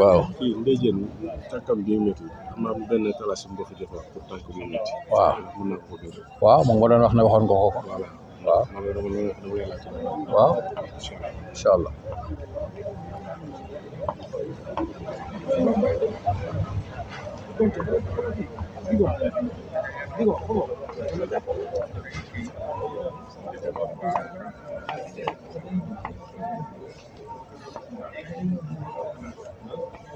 waaw fii ndey jën tàkkam bi am am benn talasim boo fi joxoon pour tànk mu métti waaw mën naa ko waaw moom nga doon wax ne waxoon nga ko waaw waaw incha allah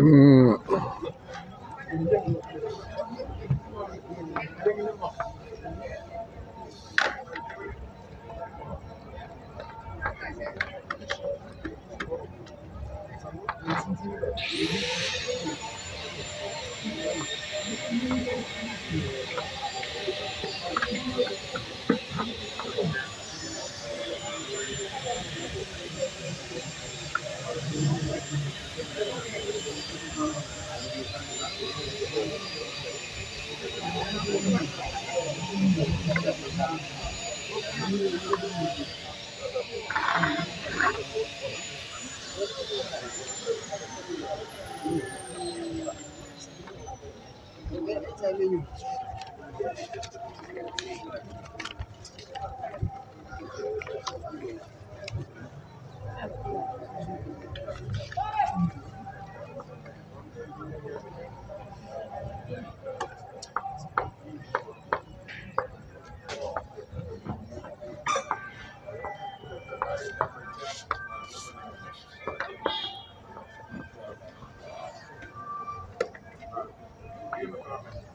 うん。পারবেন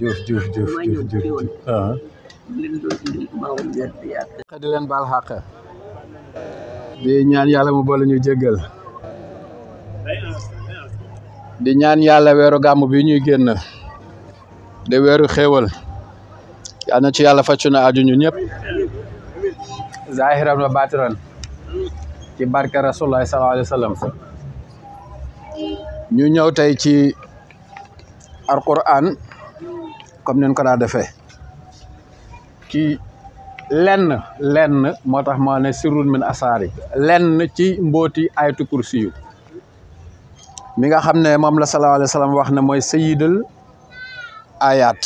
Diouf Diouf Diouf Diouf Diouf di leen baal xàq di ñaan yàlla mu boole ñu jéggal di ñaan yàlla weeru gàmm bi ñuy génn de weeru xéewal yal na ci yàlla faccu na aju ñu ñëpp zahiran wa baatiran ci barke rasulullah sallallahu alayhi wa sallam ñu ñëw tey ci alquran comme nen ko daa defee ci lenn lenn moo tax maa ne sirrun min asaari lenn ci mbooti ayatu kursi yu mi nga xam ne moom la sallallahu alayhi wax ne mooy sayidal ayaat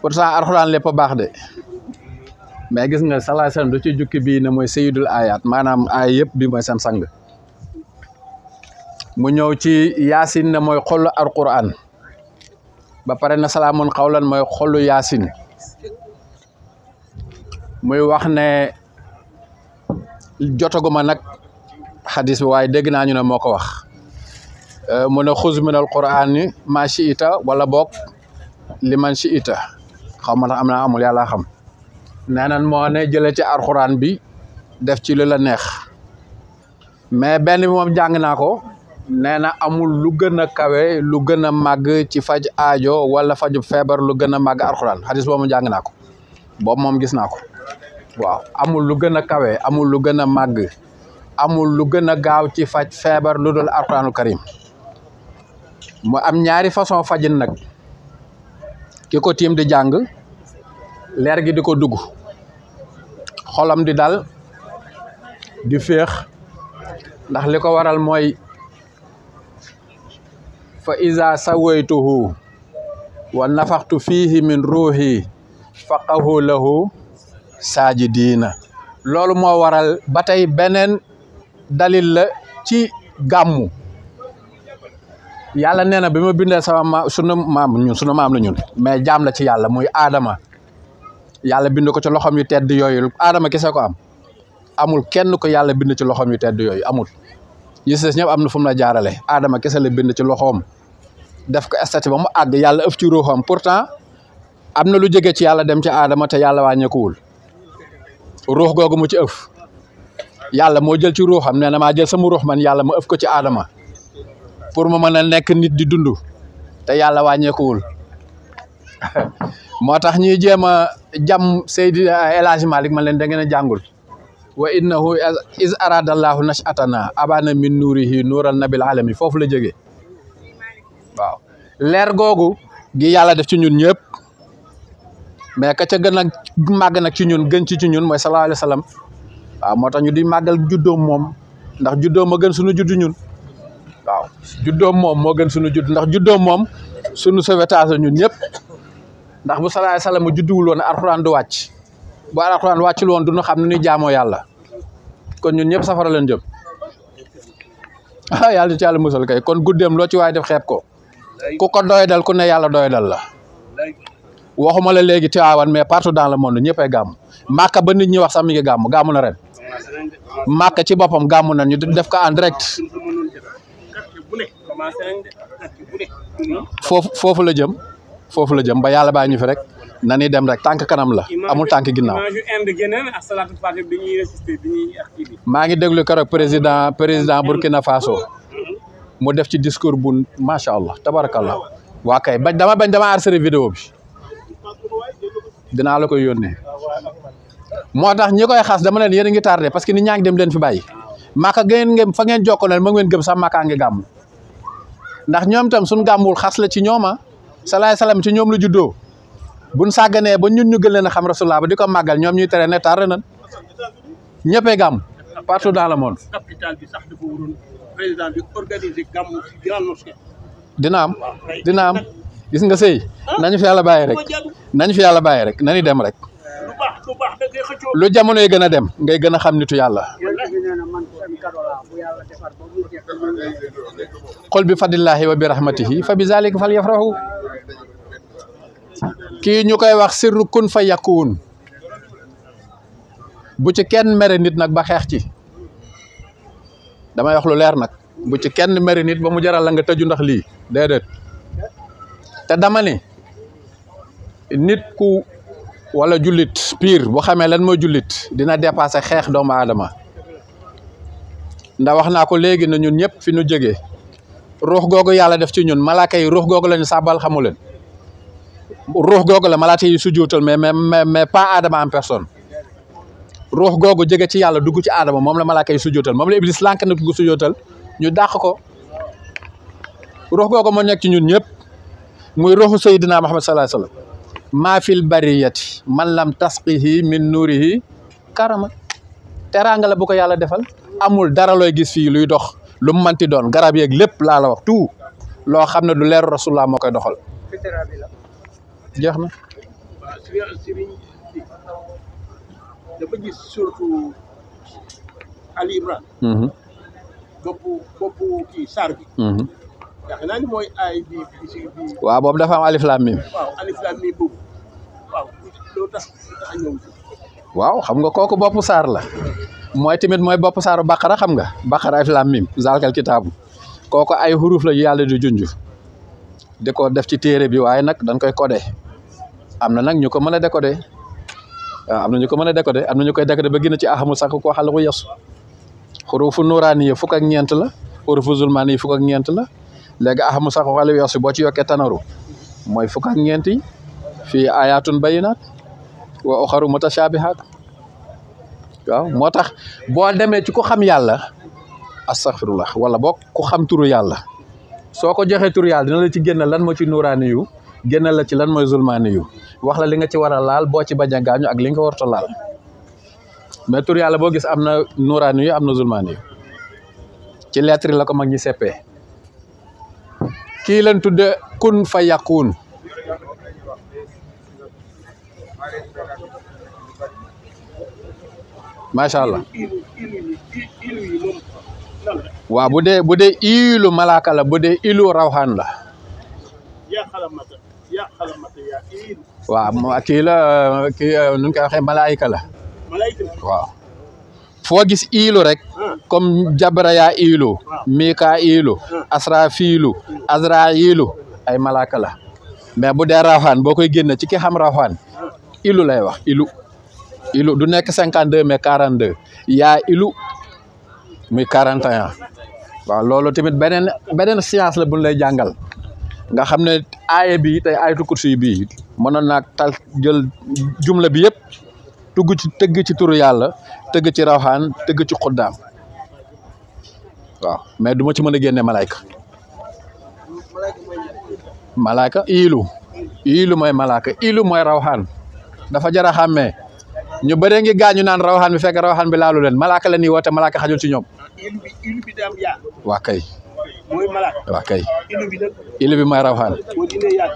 pourtant arxuraan lépp a baax de mais gis nga sallallahu alayhi ci jukki bii ne mooy sayidul ayaat maanaam ay yëpp bi mooy seen sang mu ñëw ci yaasin ne mooy xol alquran ba pare na salaamun xawlan mooy xolu yaasin muy wax ne jotaguma nag xadis bi waaye dégg naa ñu ne moo ko wax euh, mu ne xuz min al qur'ani ma shi wala boog liman shi ita xaw ma tax am naa amul yàlla xam nee nan moo ne jële ci alxuraan bi def ci lu la neex mais benn bi moom jàng naa ko nee na amul lu gën a kawe lu gën a màgg ci faj aajo wala faju feebar lu gën a màgg alxuraan xadis boobu jàng naa ko boobu moom gis naa ko waaw amul lu gën a kawe amul lu gën a màgg amul lu gën a gaaw ci faj feebar lu dul alxuraanul karim mu am ñaari façon fajin nag ki ko tiim di jàng leer gi di ko dugg xolam di dal di féex ndax li ko waral mooy fa iza sawaytuhu wa nafaxtu fiihi min ruuhi faqahu lahu saajidiina loolu moo waral ba tey beneen dalil la ci gàmmu yàlla nee na bi ma bindee sama maam sunu maam ñun sunu maam la ñun mais jaam la ci yàlla muy aadama yàlla bind ko ci loxoom yu tedd yooyu aadama kese ko am amul kenn ko yàlla bind ci loxoom yu tedd yooyu amul yi si am na fu mu jaarale aadama kese la bind ci loxoom def ko statut ba mu àgg yàlla ëf ci ruuxam pourtant am na lu jege ci yàlla dem ci aadama te yàlla wàññeekuwul ruux googu mu ci ëf yàlla moo jël ci ruuxam nee na maa jël sama ruux man yàlla ma ëf ko ci aadama pour mu mën a nekk nit di dund te yàlla wàññeekuwul moo tax ñuy jéem a jàmm Seydi a Hadji Malick man leen da ngeen a jàngul wa innahu is aradallahu nashatana abana min nuurihi nuural nabil alami foofu la jógee waaw leer googu gi yàlla def ci ñun ñëpp mais ka ca gën a màgg nag ci ñun gën ci ci ñun mooy sallallahu alayhi wa sallam waaw moo tax ñu di màggal juddoom moom ndax juddoom a gën suñu judd ñun waaw doom moom moo gën suñu judd ndax juddoom moom sunu sauvetage ñun ñëpp ndax bu sallallahu alayhi wa sallam judduwul woon alxuraan du wàcc bu alxuraan wàccul woon du ñu xam ne ni jaamoo yàlla kon ñun ñëpp safara leen jëm ah yàlla ñu ci musal kay kon guddeem loo ci waaye def xeeb ko ku ko doy dal ku ne yàlla doy dal la waxuma la léegi Tiwaawan mais partout dans le monde ñëpp ay gàmm màkka ba nit ñi wax sax mi ngi gàmm gàmm na ren màkka ci boppam gàmm na ñu def ko en direct foofu foofu la jëm foofu la jëm ba yàlla baa ñu fi rek. na ni dem rek tànk kanam la amul tànk ginnaaw maa ngi déglu keroog président président Burkina Faso mm-hmm. mu def ci discours bu macha allah tabarakallah waa kay bañ dama bañ dama arséri vidéo bi dinaa la koy yónnee moo tax ñi koy xas dama leen yéen a ngi tardé parce que nit ñaa ngi dem leen fi bàyyi maka ngeen ngeen fa ngeen jokkoo leen ma ngeen gëm sax makaa ngi gàmm ndax ñoom itam suñu gàmmul xas la ci ñoom ah salaay salaam ci ñoom lu juddoo buñ sàgganee ba ñun ñu gën leen a xam rasulullah ba di ko màggal ñoom ñuy tere ne tardé nañ ñëppee gàmm partout dans le dina am dina am gis nga sëy ah, nañu fi yàlla bàyyi rek nañu fi yàlla bàyyi rek nañu dem rek. lu jamonoy gën a dem ngay gën a xam nitu yàlla. xol bi fadlillahi wa bi rahmatihi fa bi zalika fal yafrahu ki ñu koy wax sirru kun fa yakun bu ci kenn mère nit nak ba xex ci damay wax lu leer nak bu ci kenn mère nit ba mu jaral la nga teju ndax li dedet te dama ni nit ku wala julit pire bu xamee lan mo julit dina dépasser xex doomu aadama ndax wax naa ko léegi na ñun ñep fi ñu jógee ruux gogo yalla def ci ñun malaika yi gogo lañu sabal ruux googu la malaate yi sujjootal mais mais mais pas Adama en personne ruux googu jege ci yàlla dugg ci Adama moom la malaaka yi sujjootal moom la Iblis lànk na ko sujjootal ñu dàq ko ruux googu moo nekk ci ñun ñëpp muy ruuxu Seydina Muhammad sallallahu ma wasallam maa fil bariyati man lam tasqihi min nuurihi karama teraanga la bu ko yàlla defal amul dara looy gis fi luy dox lu mu manti doon garab yeeg lép laa la wax tu loo xam ne du leeru rasulullah moo koy doxal jeex na sëriñ dafa gis surtout Ali Imran bi ay bi bi am alif lam mim wa alif lam mim waaw xam nga koku bop sar la moy timit moy bop saru bakara xam nga bakara alif lam mim zalkal kitab koku ay huruf la yalla di junj diko def ci tere bi waye nak dang koy am na nag ñu ko mën a décoder am na ñu ko mën a décoder am na ñu koy décoder ba gën a ci axamu sax koo xala ko yesu xurufu nuuraani yi fukk ak ñeent la xurufu zulmaani fukk ak ñeent la léegi axamu sax koo xala yesu boo ci yokkee tanaru mooy fukk ak ñeent yi fii ayatun bayinaat wa oxaru mutashabihaat waaw moo tax boo demee ci ku xam yàlla la wala boo ku xam turu yàlla soo ko joxee turu yàlla dina la ci génn lan moo ci nuuraani génnal la ci lan moy zulmaani yu wax la li nga ci wara laal bo ci baña gañu ak li nga warta laal mais tur yalla bo gis amna na yu amna na yu ci lettre la ko mag ñi seppee ki lan tudde kun fa yàquun macha allah waa bu dee bu dee ilu malaaka la bu dee iilu la waaw kii eh, la kii nu ñu koy waxee malaayika la waaw foo gis iilu rek comme jabra yaa iilu miikaa iilu asrafiilu azrailu ay malaaka la mais bu dee rawaan boo koy génne ci ki xam rawaan ilu lay wax ilu ilu du nekk cinquante deux mais quarante ilu muy quarante et un waaw loolu tamit beneen beneen science la buñ lay jàngal nga xam ne aaya bi tey aayatu kursi bii mënoon naa tal jël jumla bi yépp tugg ci tëgg ci turu yàlla tëgg ci rawxaan tëgg ci xuddaam waaw mais du ma ci mën a génne malayka malayka iilu iilu mooy malayka iilu mooy rawxaan dafa jar a xàmmee ñu bëree ngi gaañu naan rawxaan bi fekk rawxaan bi laalu leen malayka la nii woote malayka xajul ci ñoom waa kay waa kay ilu bi mooy rawxaan ya,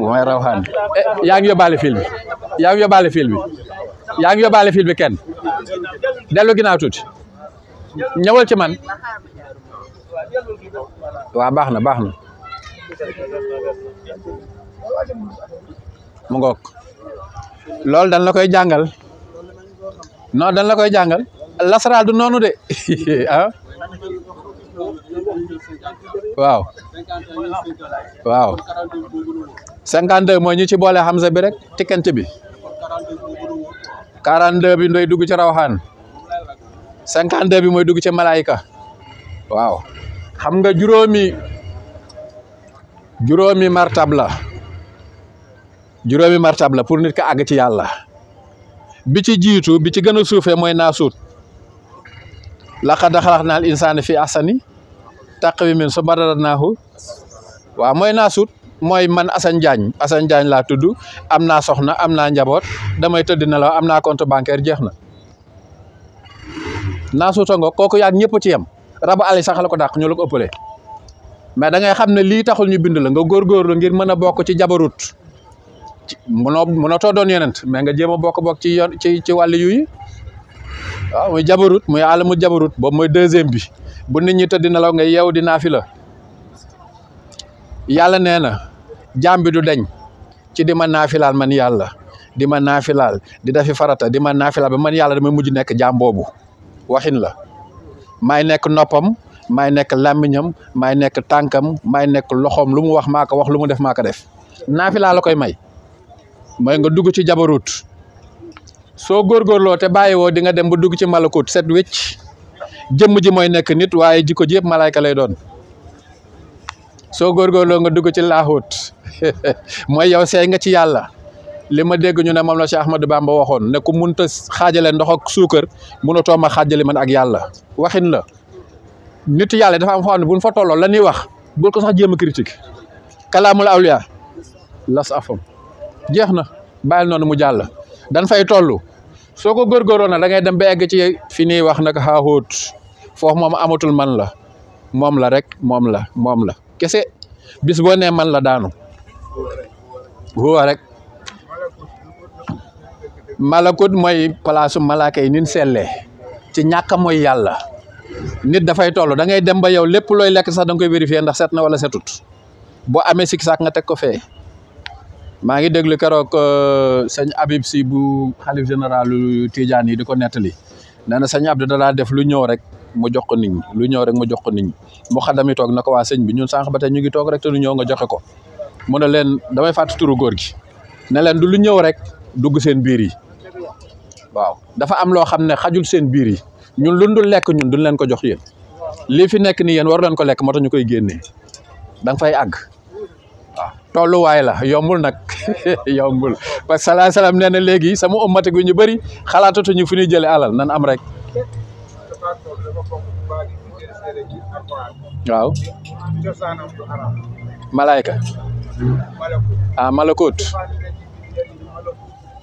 mooy rawxaan eh, yaa ngi yóbbaale fil bi yaa ngi yóbbaale fil bi yaa ngi yóbbaale fil bi kenn dellu ginnaaw tuuti ñëwal ci man waa baax na mu dañ la koy non dañ la koy jàngal lasaraal du nonude. de ah waaw waaw cinquante deux mooy ñu ci boole Hamza bi rek tikkante bi quarante deux bi ndoy dugg ci rawxaan cinquante deux bi mooy dugg ci malayka waaw xam nga juróomi juróomi martab la juróomi martab la pour nit ka àgg ci yàlla bi ci jiitu bi ci gën a suufee mooy naasuut laqad xalaqnal insaana fi ahsani taqwimin su madarnaahu waaw mooy naasut mooy man Assane Diagne Assane Diagne laa tudd am naa soxna am naa njaboot damay tëdd na la am naa compte bancaire jeex na naasuta nga kooku yaag ñëpp ci yem rabu ali sax la ko dàq ñu la ko ëppalee mais xam ne lii taxul ñu bind la nga góorgóorlu ngir mën a bokk ci jabarut mënoo mënatoo doon yonent mais nga jéem a bokk-bokk ci yoon ci ci wàllu yu yi bi bu nit ñi tëdd nelaw nga yeew di naafi la yalla neena jambi du deñ ci di ma man yalla di ma di dafi farata di ma naafilaal ba man yalla dama muju nek jam bobu waxin la may nek nopam may nek lamiñam may nek tankam may nek loxom lu mu wax maka wax lu mu def maka def Nafila la koy may may nga dugg ci jabarut gor lo te bayiwo di nga dem bu dugg ci malakut set wetch jëmm ji mooy nekk nit waaye jikko ji yëpp malaayka lay doon soo góorgóorloo nga dugg ci laaxut mooy yow seey nga ci yàlla li ma dégg ñu ne moom la Cheikh baam Bamba waxoon ne ku munta xaajale ndox ak suukar munatoo ma xaajale man ak yàlla waxin la nit yàlla dafa am foo xam ne buñ fa tolloo la ñuy wax bul ko sax jéem a critique jeex na bàyyil noonu mu jàlla dan fay toll soo ko góorgóorloo nag da ngay dem ba egg ci fi nii wax nag xaaxóot foofu moom amatul man la moom la rek moom la moom la kese bis boo nee man la daanu huwa rek malakut mooy palaasu malaaka yi nin sellee ci ñàkk mooy yàlla nit dafay toll da ngay dem ba yow lépp looy lekk sax da nga koy vérifier ndax seet na wala setut boo amee sikki saak nga teg ko fee maa ngi déglu keroog euh, sëñ Habib si bu xalif général Tidiane yi di ko nettali nee na sëñ Abdou dalaa def lu ñëw rek mu jox ko nit ñi lu ñëw rek mu jox ko nit ñi mu xadam yi toog na ko waa sëñ bi ñun sànq ba tey ñu ngi toog rek te lu ñëw nga joxe ko mu ne leen damay fàtt turu góor gi ne leen du lu ñëw rek dugg seen biir yi waaw dafa am loo xam ne xajul seen biir yi ñun lu dul lekk ñun duñ leen ko jox yéen lii fi nekk nii yéen waru leen ko lekk moo tax ñu koy génnee da nga fay àgg way la yombul nak, yombul ba que salam salaam nee na léegi sama ummati gu ñu fini xalaatatuñu alal nan am rek waaw malaika ah malakut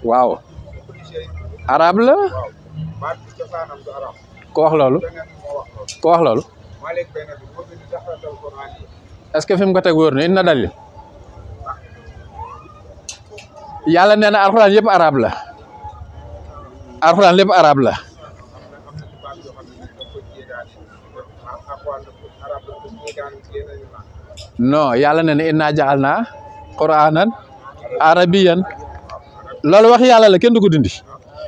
waaw arab la ko wax lolu ko wax loolu est-ce que fim ko dalil yàlla nee na alxuraan yëpp arab la alxuraan lépp arab la non yàlla nee na inna jaxal naa quraanan arabiyan loolu wax yàlla la kenn du ko dindi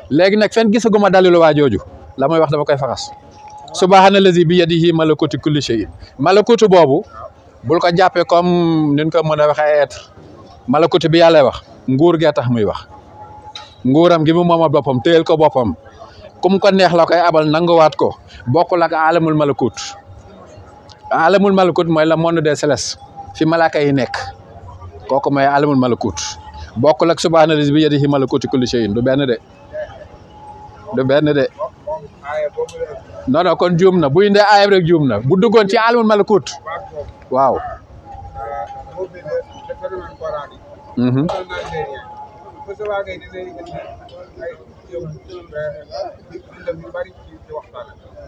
léegi nag fenn gisaguma dalilu waa jooju la may wax dama koy faxas subhaana lazi bi yadihi malakutu kulli shay'in malakutu boobu bul ko jàppee comme ni ñu ko mën a waxee être malakutu bi yàlla wax. nguur gee tax muy wax nguuram gi mu ma boppam téyel ko boppam kum ko neex la koy abal nanguwaat ko bokkul ak alamul malakut alamul malakut mooy le monde de célestes fi malaaka yi nekk kooku mooy alamul malakut bokkul ak subhaanallazi bi yadihi malakutu kulli shay'in du benn du benn de kon juum na bu indee aayam rek juum na bu duggoon ci alamul malakut waaw Mm-hmm.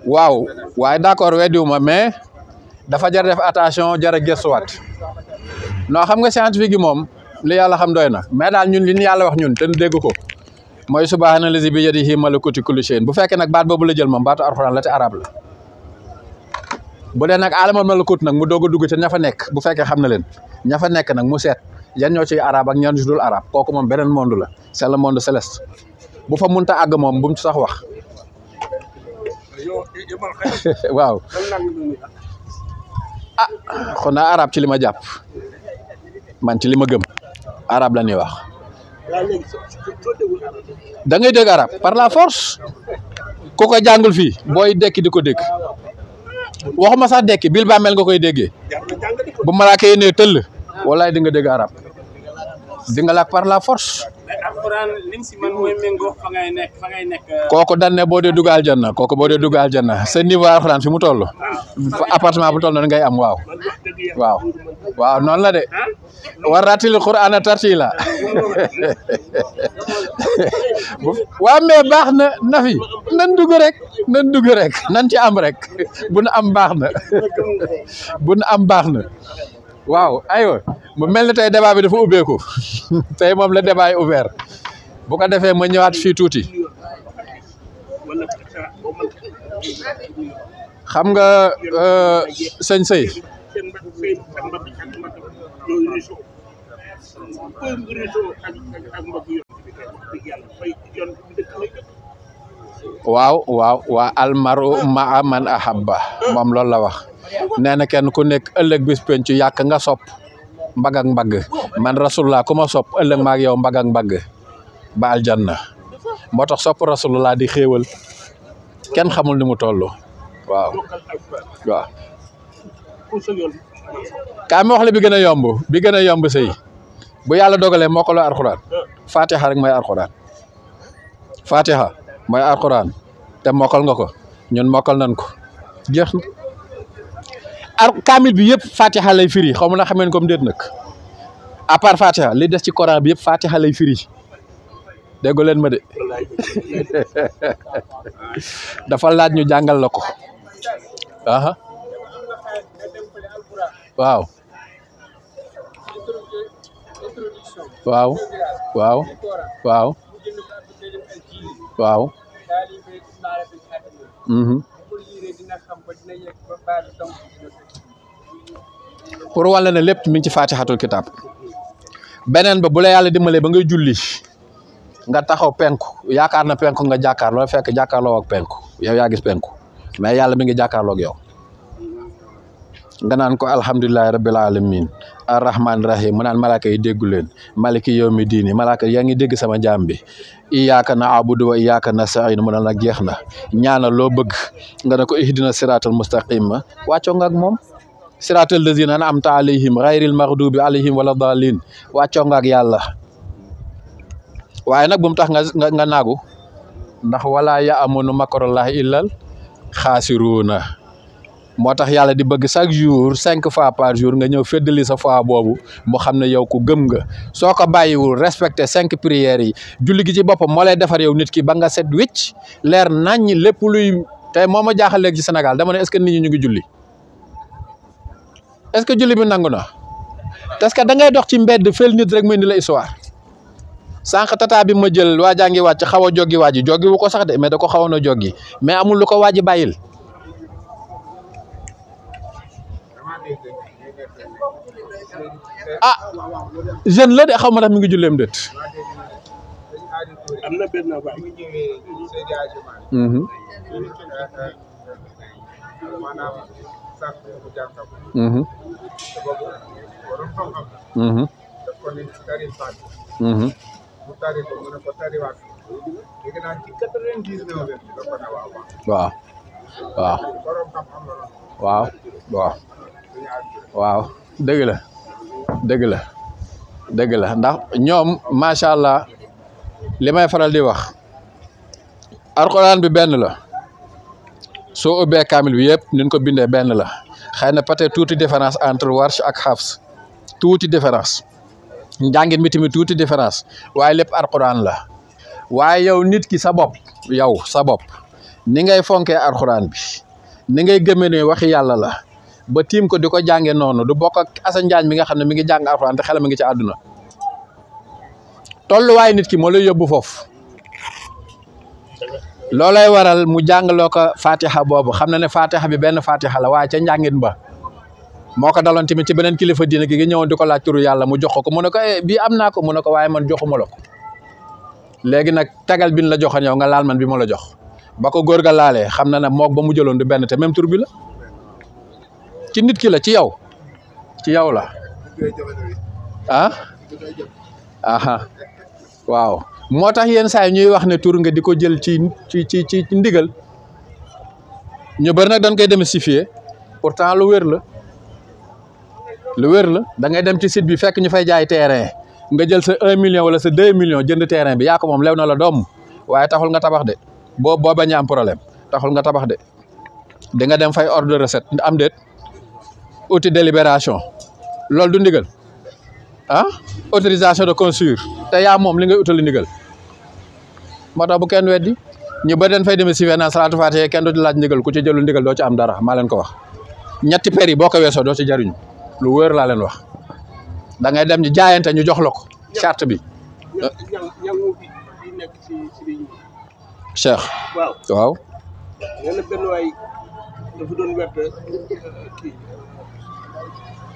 waaw waaye d'accord weddiwuma mais dafa jar def attention jar a gëstuwaat non xam nga scientifique yi moom li yàlla xam doy na mais daal ñun li ñu yàlla wax ñun te ñu ko mooy subhaana lazi bi yadihi malakutu kulli shay'in bu fekkee nag baat boobu la jël moom baatu arxuraan la te arab la bu dee nag aalamal malakut nag mu doog a dugg te ña fa nekk bu fekkee xam na leen ña fa nekk nag mu seet yan ñoo ci arab ak ñan ci arab koku mom benen monde la c'est le monde céleste bu fa munta ag mom bu mu sax wax waaw ah arab ci lima japp man ci lima gem arab la ni wax da ngay deg arab par la force koko jangul fi Boy dekk diko dekk Wah masa waxuma sa dekk bil mel nga koy déggee bu malaaka ne tëll di nga deg arab di nga la par la force koko dan ne bo de dugal janna koko bo de dugal janna sa niveau alcorane fi mu tollu ah. appartement bu tollu ngay am waw waw waw non la de waratil ah? qur'ana tartila wa me baxna nafi nan dug rek nan dug rek nan ci am rek bu am baxna bu am baxna waaw ayo mu mel ni débat bi dafa ubbeeku tay mom la débat yi ouvert bu ko défé ma ñëwaat fi tuuti xam nga euh sëñ sey wow wow wa almaru maa man ahabba mom lool la wax Nenek yang kenn ku nek ëlëk bis penc yak nga sop mbag ak mbag man rasulullah kuma sop ëlëk ëllëg maag yow mbag ak mbag ba aljanna moo tax sopp rasulullah di xewal kenn xamul ni mu tollu waaw waaw ka mi wax la bi gëna yomb bi gëna yomb sey bu yalla dogalé moko la fatiha rek may alquran fatiha may alquran te mokal nga ko ñun mokal nan ko jeexna ar kaamil bi yëpp fatiha lay firi xaw ma na xameen comme déet nag à part fatiha li des ci Coran bi yëpp fatiha lay firi déggu leen ma de dafa laaj ñu jàngal la ko waaw waaw waaw waaw mhm. pour wàll ne lépp mi ngi ci faatixatul kitaab beneen ba bu la yàlla dimbalee ba ngay julli nga taxaw penku yaakaar na penk nga jàkkaarloo fekk jàkkaarloo ak penku yow yaa gis penku mais yàlla mi ngi jàkkaarloo yow nga naan ko alhamdulillahi rabbil alamin arrahman rahim mu naan malaaka yi deggu len maliki yawmi mi diini malaaka ngi sama jambi, iyyaka na'budu wa iyyaka nastain mu naan nag jeexna na ñaanal loo bëgg nga ne ko ihdina siratal mustaqim waccu nga ak mom siratal lazina amta alayhim ghayril maghdubi alayhim wala dalin waccu nga ak yalla waye nak bu mu nga nga nagu ndax wala ya amunu makrullah illal khasiruna motax yalla di bëgg chaque jour 5 fois par jour nga ñëw fedeli sa foi bobu mo xamne yow ku gëm nga soko bayiwul respecter 5 prières yi julli gi ci bopam mo lay defar yow nit ki ba nga set wicc leer nañ lepp luy tay moma jaaxal lek ci Sénégal dama ne est ce que nit ñi ñu ngi julli est ce que julli bi nangu na parce que da ngay dox ci mbedd fel nit rek muy la histoire sank tata bi ma jël wajangi wacc xawa jogi waji jogi wu ko sax de mais da ko jogi mais amul waji bayil ah jeune la de xaw ma tax mi ngi julleem déet. am na benn waay. Mhm. Mhm. Mhm. waaw waaw waaw waaw waaw la. dëgg la dëgg la ndax ñoom macha allah li may faral di wax alxuraan bi benn la soo ubbee kaamil bi yëpp niñ ko bindee benn la xëy na peut-être tuuti différence entre warsh ak hafs tuuti différence njàngin mi tamit tuuti différence waaye lépp alxuraan la waaye yow nit ki sa bopp yow sa bopp ni ngay fonkee alxuraan bi ni ngay gëmee ne waxi yàlla la ba tiim ko di ko jàngee noonu du bokk ak Assane mi nga xam ne mi ngi jàng alxuraan te xelam mi ngi ci àdduna tolluwaay nit ki moo lay yóbbu foofu loolay waral mu jàngaloo ko fatiha boobu xam na ne fatiha bi benn fatiha la waaye ca njàngin ba moo ko daloon tamit ci beneen kilifa diina gi ñëwoon di ko laaj turu yàlla mu jox ko mu ne ko eh, bii am na ko mu ne ko waaye man joxuma la ko léegi nag tagal bin la joxoon yow nga laal man bi ma la jox ba ko góor ga laalee xam na ne moog ba mu jëloon du benn te même tur bi la. ci nit ki la ci yow ci yow la ah aha waaw moo tax yenn saa ñuy wax ne tur nga di ko jël ci ci ci ci ndigal ñu bëri nag dañ koy démystifier pourtant lu wér la lu wér da ngay dem ci site bi fekk ñu fay jaay terrain nga jël sa un million wala sa deux million jënd terrain bi yaa ko moom lew na la doom waaye taxul nga tabax de boo boo bañ problème taxul nga tabax de di nga dem fay ordre de recette am déet outil délibération loolu du ndigal ah autorisation de construire te yaa moom li nga utali ndigal moo tax bu kenn weddi ñu ba den fay demee si venance salaatu faatiha kenn du laaj ndigal ku ci jëlu ndigal doo ci am dara maa ko wax ñetti per yi boo ko weesoo doo ci jariñ lu wóor laa leen wax da dem ñu jaayante ñu jox la ko charte bi. Cheikh. waaw.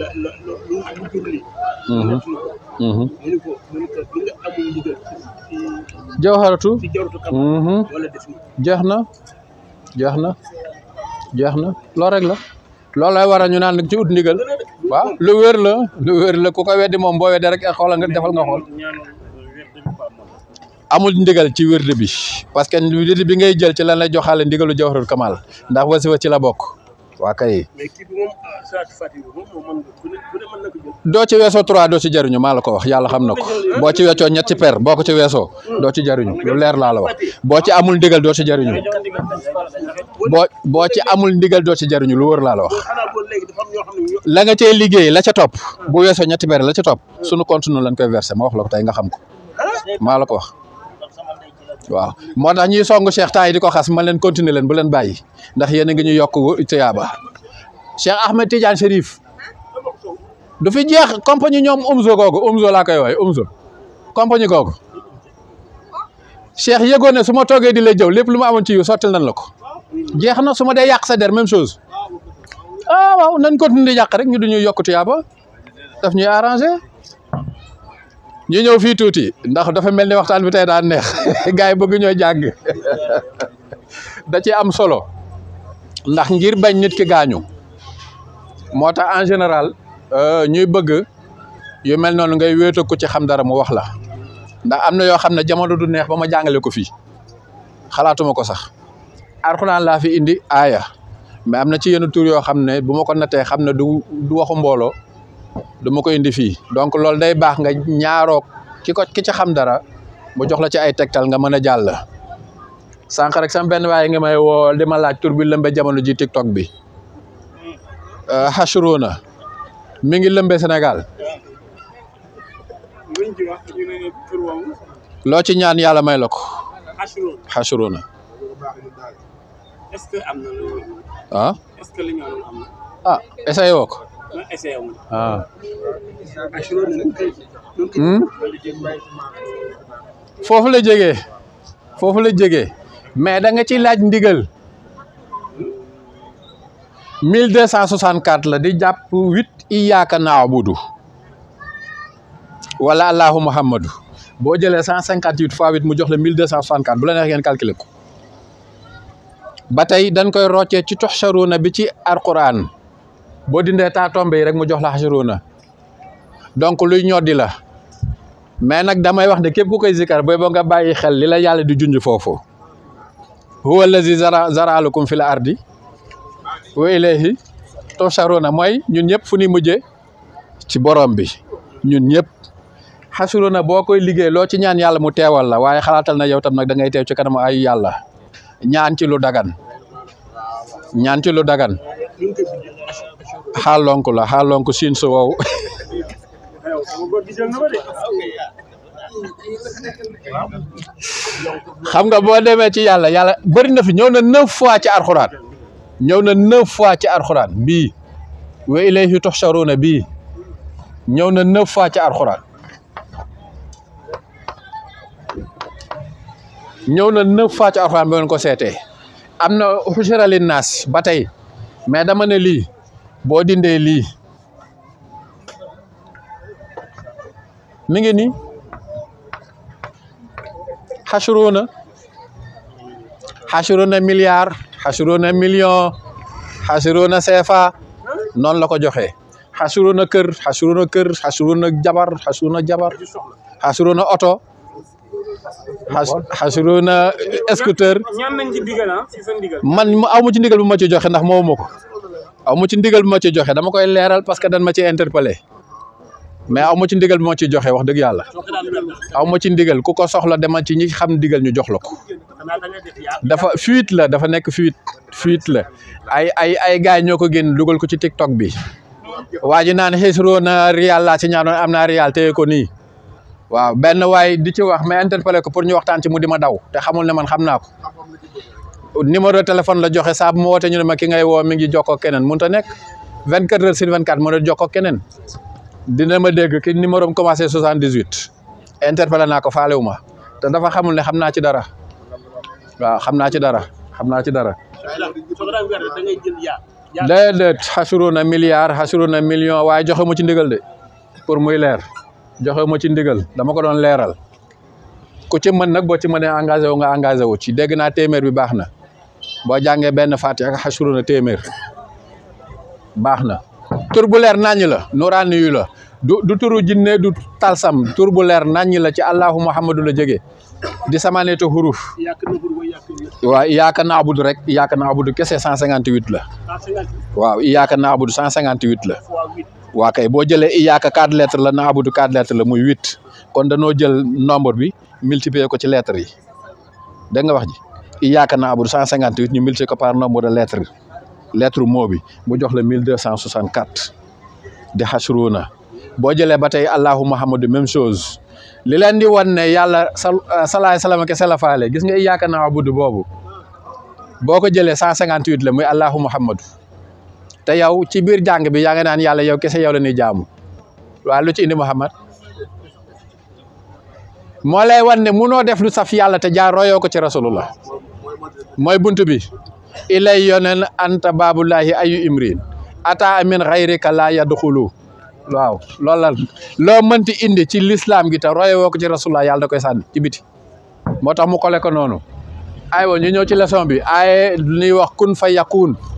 la la lu mhm. lu jur lii. Mhm. mu ni ko mu ni ko mhm. jeex na jeex na jeex na loolu rek la loolu lay waral ñu naan nag ci ut ndigal waaw lu wér la lu wér la ku ko weddi moom boo weddi rek xoolal nga defal nga xool amul ndigal ci wérde bi parce que wérde bi ngay jël ci lan lay joxaale ndigalu jawharul kamal ndax wasifa ci la bokk waa kay. mais kii doo ci weesoo trois doo ci jariñu maa la ko wax yàlla xam na ko boo ci weccoo ñetti per boo ko ci weesoo doo ci jariñu lu leer laa la wax boo ci amul ndigal doo ci jariñu boo boo ci amul ndigal doo ci jariñu lu wër laa la wax. la nga cee liggéey la ca topp bu weesoo ñetti per la ca topp sunu continu nu lañ koy versé ma wax la ko tey nga xam ko ah? maa la ko wax. waaw moo tax ñuy song Cheikh tay diko xass xas man leen continuer leen bu leen bayyi ndax yéen nga ñu yok tiyaba Cheikh Ahmed Tidiane Chérif du fi jeex compagnie ñom umzo gogo umzo la kay way umzo compagnie gogo. Cheikh yegone suma toge di la jew lepp luma amon ci yu sotel nan lako jeex na su sa der même chose ah waaw nañ continuer di yak rek ñu duñu yok tiyaba daf ñuy arranger ñu ñëw fii tuuti ndax dafa mel ni waxtaan bi tey daal neex gars yi bëgg ñoo jàng da ci am solo ndax ngir bañ nit ki gaañu moo tax en général euh, ñuy bëgg yu mel noonu ngay wéeto ko ci xam dara mo wax la ndax am na yoo xam ne jamono du neex ba ma jàngale ko fii xalaatuma ko sax Alxuraan laa fi indi aaya mais am na ci yenn tur yoo xam ne bu ma ko nattee xam ne du du waxu mbooloo duma ko indi fi donc lol day bax nga ñaaro ki ko ki ci xam dara mu jox la ci ay tektal nga mën jall sank rek sam ben way nga may wo dima laaj tour bi lembe jamono ji tiktok bi euh, Hashrona mi ngi lembe senegal lo ci ñaan yalla may ce ko Hashrona ah ah essayé woo ah la jógee foofu la jógee mais da nga ci laaj ndigal la di japp 8 iyyaka na'budu wala allahu muhammadu bo jëlee 158 fois 8 mu jox la 1264 bu la neex ngeen calculer ko batay dañ koy roccee ci tuhsharuna bi ci alquran boo dindee taa tombe rek mu jox la xasharuna donc luy ñoddi la mais nag damay wax ne képp koy zikar booy boo nga bàyyi xel li la yàlla di junj foofu huwa allazi zara zaralukum fi la ardi wa ilayhi tusharuna mooy ñun ñëpp fu ñuy mujje ci borom bi ñun ñëpp xasharuna boo koy liggéey loo ci ñaan yàlla mu teewal la waaye xalaatal na yow tam nag da ngay teew ci kanamu ay yàlla ñaan ci lu dagan ñaan ci lu dagan xaalonk la xaalonk siin su wow xam nga boo demee ci yàlla yàlla bëri na fi ñëw na neuf fois ci arxuraan ñëw na neuf fois ci arxuraan bii wa ilayhi tuhsharuna bii ñëw na neuf fois ci arxuraan ñëw na neuf fois ci ko seete am na xushara linnaas ba tey mais dama ne lii boo dindee lii mi ngi ni xasruuna xasruuna milliard xasruuna million xasruuna CFA noonu la ko joxee xasruuna kër xasruuna kër xasruuna jabar xasruuna jabar xasruuna oto xasruuna scooter ah, man amu ci ndigal bu ma ci joxe ndax moomu ma ko aw ma ci ndigal bi ma ci joxe dama koy leeral parce que dañ ma ci mais aw ma ci ndigal bi joxe wax dëgg yàlla aw ma ci ku ko soxla dema ci ñi xam diggal ñu jox la ko dafa fuite la dafa nekk fuite fuite la ay ay ay gars ñoo ko génn dugal ko ci TikTok bi waa ji naan xisroo na rial laa ci ñaanoon am na rial téye ko nii waaw benn waay di ci wax mais interpellé ko pour ñu waxtaan ci mu di ma daw te xamul ne man xam naa ko numéro téléphone la joxe saa bu ma wootee ñu ma ki ngay woo mi ngi jokkoo keneen mënut nekk 24 heures sur 24 mën a jokkoo keneen dina ma dégg ki numéro am commencé 78 interpellé naa ko faalewu ma te dafa xamul ne xam naa ci dara waaw xam naa ci dara xam naa ci dara. déedéet xasuru na milliard xasuru na million waaye joxe mu ci ndigal de pour muy leer joxe mu ci ndigal dama ko doon leeral ku ci mën nag boo ci mënee engagé wu nga engagé wu ci dégg naa téeméer bi baax na. boo jàngee benn fatiha ak xasru na téeméer baax na tur bu leer naññ la nuraani yu la du du turu jinne du talsam tur bu leer naññ la ci allahu muhammadu la jege di samaneete huruf waaw iyaaka naabudu rek iyaaka naabudu kese 158 la waaw iyaaka naabudu 158 la wa kay boo jëlee yaaka quatre lettres la naabudu quatre lettres la muy huit kon danoo jël nombre bi multiplier ko ci lettres yi dégg nga wax ji yaakaar naa abur 158 ñu multiplié ko par nombre de lettres lettre mot bi mu jox la 1264 di xasruuna boo jëlee ba tey allahu muhammadu même chose li leen di wan ne yàlla salaay ah, salaam ke sela faale gis nga yaakaar naa abudu boobu boo ko jëlee 158 la muy allahu muhammadu te yow ci biir jàng bi yaa nga ne yàlla yow kese yow la ñuy jaamu waa lu ci indi muhammad moo lay wan ne munoo def lu saf yàlla te jaar royoo ko ci rasulullah mooy bunt bi ilay yonen anta baabulaahi ayu imrin ata amin xayrika laa yadxulu waaw loolu loo mënti indi ci lislaam gi ta roye woo ko ci rasulullah yàlla da koy sànni ci biti moo tax mu kole ko noonu aywa ñu ñëw ci leçon bi ay lu wax kun fa yakun